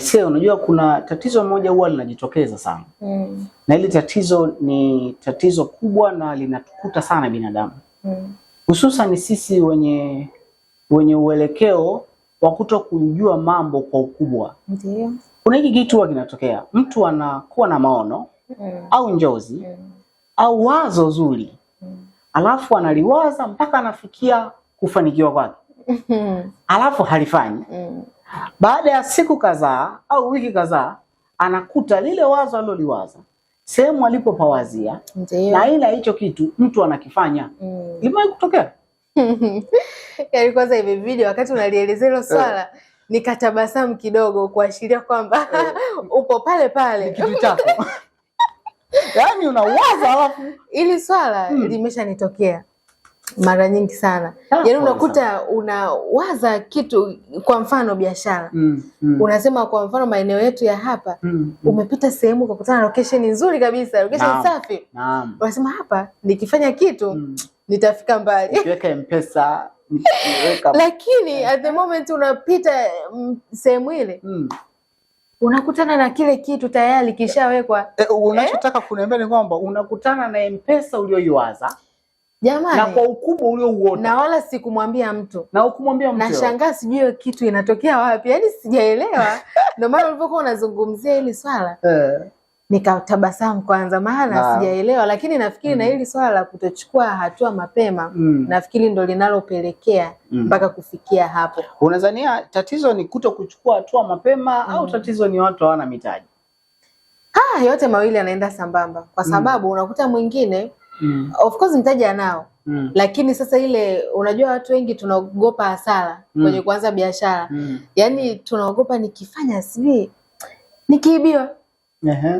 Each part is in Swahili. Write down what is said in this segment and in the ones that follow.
say, unajua kuna tatizo moja huwa linajitokeza sana mm. na hili tatizo ni tatizo kubwa na linatukuta sana binadamu mm. hususan sisi wenye wenye uelekeo wa kuto kujua mambo kwa ukubwa. Ndiyo. kuna hiki kitu huwa kinatokea, mtu anakuwa na maono mm. au njozi mm. au wazo zuri mm. alafu analiwaza mpaka anafikia kufanikiwa kwake alafu halifanyi mm. Baada ya siku kadhaa au wiki kadhaa, anakuta lile wazo aliloliwaza sehemu alipopawazia na aina hicho kitu mtu anakifanya. Mm. Limewahi kutokea? Yaani kwanza video wakati unalielezea hilo swala eh. nikatabasamu kidogo kuashiria kwamba eh. upo pale pale kitu chako. Yaani unawaza alafu hili swala mm, limeshanitokea mara nyingi sana ah. yaani unakuta unawaza kitu, kwa mfano biashara mm, mm. Unasema kwa mfano maeneo yetu ya hapa mm, mm. Umepita sehemu ukakutana na location nzuri kabisa, location safi, unasema hapa nikifanya kitu mm. nitafika mbali nikiweka mpesa lakini eh. at the moment unapita mm, sehemu ile mm. unakutana na kile kitu tayari kishawekwa. Eh, unachotaka eh? kuniambia ni kwamba unakutana na mpesa ulioiwaza Jamani, na kwa ukubwa uone, na wala sikumwambia mtu na ukumwambia mtu. Nashangaa sijui kitu inatokea wapi, yaani sijaelewa. Ndio maana ulipokuwa unazungumzia hili swala eh. nikatabasamu kwanza, maana sijaelewa, lakini nafikiri mm. na hili swala la kutochukua hatua mapema mm. nafikiri ndo linalopelekea mm. mpaka mm. kufikia hapo. Unadhania tatizo ni kuto kuchukua hatua mapema mm. au tatizo ni watu hawana mitaji? Ah, yote mawili yanaenda sambamba, kwa mm. sababu mm. unakuta mwingine mm. Of course mtaji anao mm. Lakini sasa ile, unajua watu wengi tunaogopa hasara mm. kwenye kuanza biashara mm. Yaani tunaogopa nikifanya, sijui nikiibiwa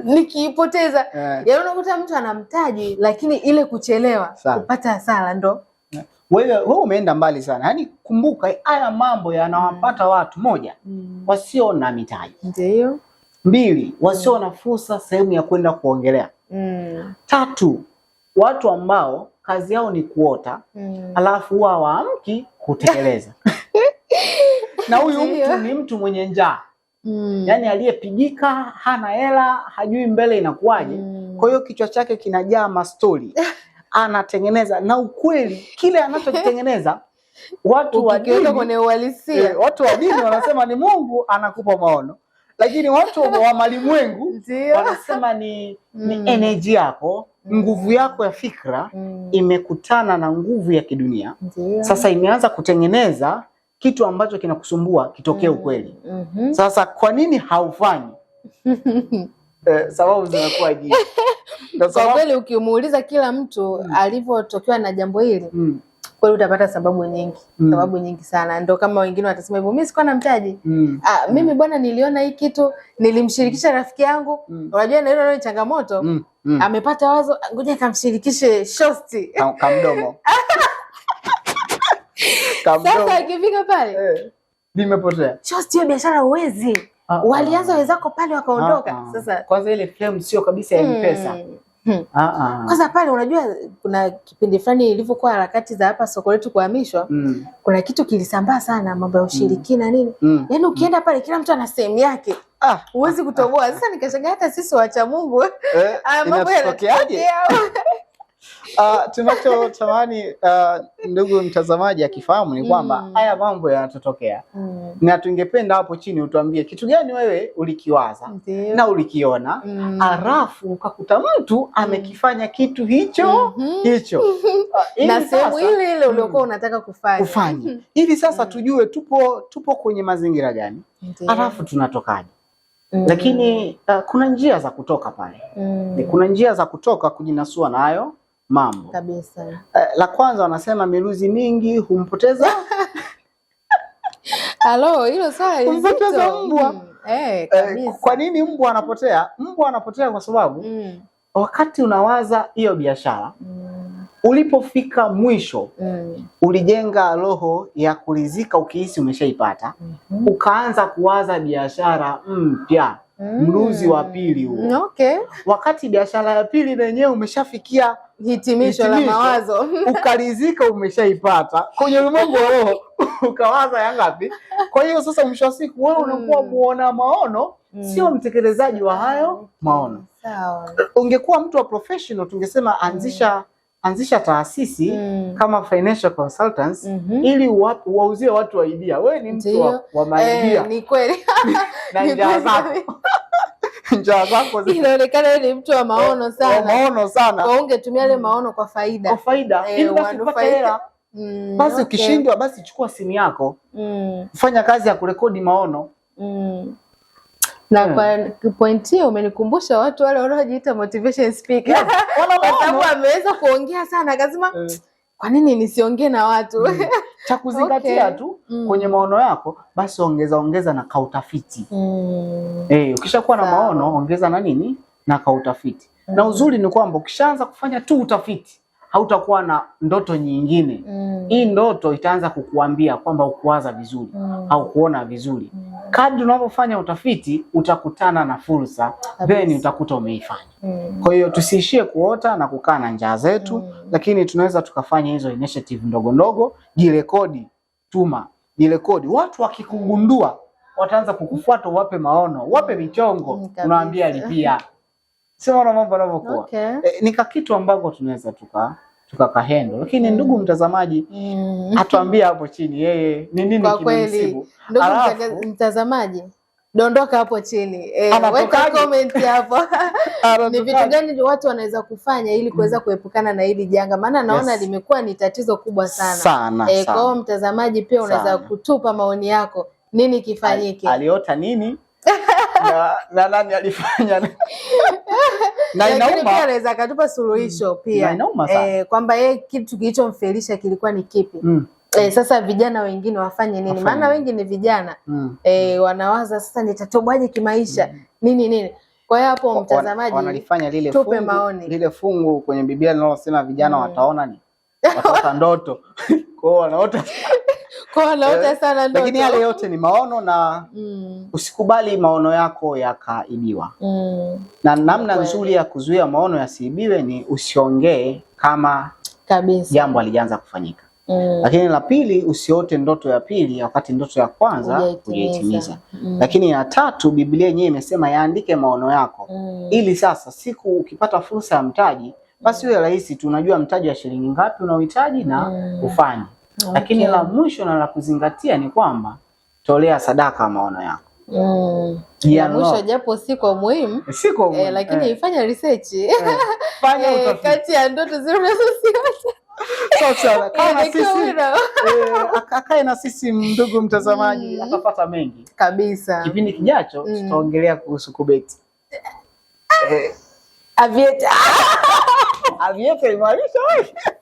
nikiipoteza uh eh. -huh. Yaani unakuta mtu ana mtaji lakini ile kuchelewa Sala. kupata hasara ndo eh. wewe wewe umeenda mbali sana. Yaani kumbuka haya mambo yanawapata mm. watu moja mm. wasio na mitaji. Ndio. Mbili, wasio mm. na fursa sehemu ya kwenda kuongelea mm. Tatu, watu ambao kazi yao ni kuota mm. alafu huwa waamki kutekeleza na huyu mtu ni mtu mwenye njaa mm. yani aliyepigika, hana hela, hajui mbele inakuwaje mm. kwa hiyo kichwa chake kinajaa mastori anatengeneza, na ukweli kile anachokitengeneza eh, watu wa dini wanasema ni Mungu anakupa maono lakini watu wa malimwengu wanasema ni, mm. ni energy yako mm. nguvu yako ya fikra mm. imekutana na nguvu ya kidunia Ndiyo. Sasa imeanza kutengeneza kitu ambacho kinakusumbua kitokee mm. ukweli mm -hmm. Sasa kwa nini haufanyi? Eh, sababu zinakuwa jii kwa kweli, ukimuuliza kila mtu mm. alivyotokewa na jambo hili mm kweli utapata sababu nyingi mm. sababu nyingi sana, ndio kama wengine watasema hivyo, mimi sikuwa na mtaji mm. ah, mimi mm. bwana, niliona hii kitu nilimshirikisha rafiki yangu mm. unajua na hilo ni changamoto mm. mm. amepata wazo, ngoja kamshirikishe shosti kamdomo sasa ikifika pale eh, nimepotea shosti, hiyo biashara uwezi. Ah, walianza ah, wenzako pale wakaondoka. Ah, ah. Sasa kwanza ile frame sio kabisa ya Mpesa hmm. Hmm. Ah, ah. Kwanza pale unajua kuna kipindi fulani ilivyokuwa harakati za hapa soko letu kuhamishwa, mm. kuna kitu kilisambaa sana mambo ya ushirikina nini, mm. yaani ukienda pale kila mtu ana sehemu yake, ah, huwezi kutoboa. Sasa nikashangaa hata sisi wacha Mungu eh, ah, mambo yanatokeaje? Uh, tunachotamani uh, ndugu mtazamaji akifahamu ni kwamba mm. haya mambo yanatotokea mm. na tungependa hapo chini utuambie kitu gani wewe ulikiwaza Ndiyo. na ulikiona mm. alafu ukakuta mtu mm. amekifanya kitu hicho mm -hmm. hicho uh, na sehemu ile ile mm. uliokuwa unataka kufanya kufanya mm. hivi sasa mm. tujue tupo tupo kwenye mazingira gani alafu tunatokaje Mm. Lakini uh, kuna njia za kutoka pale mm. Kuna njia za kutoka kujinasua nayo mambo kabisa. Eh, la kwanza wanasema miluzi mingi humpoteza Halo, hilo saa humpoteza mbwa mm. Eh, eh kabisa. Eh, kwa nini mbwa anapotea? Mbwa anapotea kwa sababu mm. wakati unawaza hiyo biashara mm. ulipofika mwisho mm. ulijenga roho ya kulizika ukihisi umeshaipata mm -hmm. ukaanza kuwaza biashara mpya mm, mluzi wa pili huo. Okay. Wakati biashara ya pili yenyewe umeshafikia hitimisho la mawazo ukaridhika, umeshaipata kwenye ulimwengu wa roho ukawaza ya ngapi? Kwa hiyo sasa, mwisho wa siku wewe mm. unakuwa muona maono mm, sio mtekelezaji wa hayo maono. Sawa, ungekuwa mtu wa professional tungesema anzisha mm anzisha taasisi mm. kama financial consultants mm -hmm. ili wauzie watu wa idea. Wewe ni mtu wa, wa maidia Eh, ni kweli na njaa zako njaa zako zi... inaonekana ni mtu wa maono oh, oh, sana, wa maono sana. Kwa ungetumia ile maono kwa faida, kwa faida e, eh, ili yaani basi upate hela mm, basi okay. Ukishindwa basi chukua simu yako mm. Fanya kazi ya kurekodi maono mm. Na hmm. Kwa point hiyo umenikumbusha watu wale wanaojiita motivation speaker yeah, kwa sababu ameweza kuongea sana akasema hmm. Kwa nini nisiongee na watu hmm. cha kuzingatia okay, tu mm, kwenye maono yako basi ongeza ongeza na kautafiti mm. Eh, ukishakuwa na maono ongeza na nini na kautafiti mm. Na uzuri ni kwamba ukishaanza kufanya tu utafiti hautakuwa na ndoto nyingine mm. Hii ndoto itaanza kukuambia kwamba ukuwaza vizuri mm. au kuona vizuri mm. Kadri unavyofanya utafiti utakutana na fursa, then utakuta umeifanya mm. Kwa hiyo tusiishie kuota na kukaa na njaa zetu mm lakini tunaweza tukafanya hizo initiative ndogo ndogo, jirekodi, tuma, jirekodi. Watu wakikugundua wataanza kukufuata, wape maono, wape michongo, mm, unawaambia lipia, sio ona mambo yanavyokuwa. Okay. E, ni kitu ambako tunaweza tuka tukakahendo lakini, mm. ndugu mtazamaji, mm. atuambie hapo chini yeye ni nini kweli Ndugu mtazamaji Dondoka hapo chini e, weka comment hapo ni vitu gani watu wanaweza kufanya ili kuweza mm. kuepukana na hili janga, maana naona yes, limekuwa ni tatizo kubwa sana, sana, e, sana. Kwa mtazamaji pia unaweza kutupa maoni yako, nini kifanyike, aliota nini na, nani alifanya na inauma pia, anaweza akatupa suluhisho mm. pia e, kwamba yeye kitu kilichomfelisha kilikuwa ni kipi mm. E, sasa vijana wengine wafanye nini? Maana wengi ni vijana mm. E, wanawaza sasa nitatoboaje kimaisha mm. nini nini. Kwa hiyo hapo, mtazamaji, wanalifanya lile tupe fungu, maoni lile fungu kwenye Biblia linalosema vijana mm. wataona ni wataota ndoto kwao wanaota wanaota eh, sana ndoto, lakini yale yote ni maono na mm. usikubali maono yako yakaibiwa mm. na namna nzuri ya kuzuia maono yasiibiwe ni usiongee kama kabisa jambo alijaanza kufanyika. Mm. Lakini la pili, usiote ndoto ya pili wakati ndoto ya kwanza hujaitimiza. Mm. Lakini ya tatu, Biblia yenyewe imesema yaandike maono yako mm. ili sasa siku ukipata fursa ya mtaji basi iwe mm. rahisi tu, unajua mtaji wa shilingi ngapi unaohitaji na mm. ufanye. Okay. Lakini la mwisho na la kuzingatia ni kwamba tolea sadaka maono yako Mm. Yeah, mwisho japo si kwa muhimu eh, lakini eh, ifanya research eh, eh, kati ya ndoto zile unazoziota Eh, akae na sisi ndugu mtazamaji, mm. atapata mengi kabisa. Kipindi kijacho mm. tutaongelea kuhusu kubeti. Ah. Eh. Avieta, avieta imarisha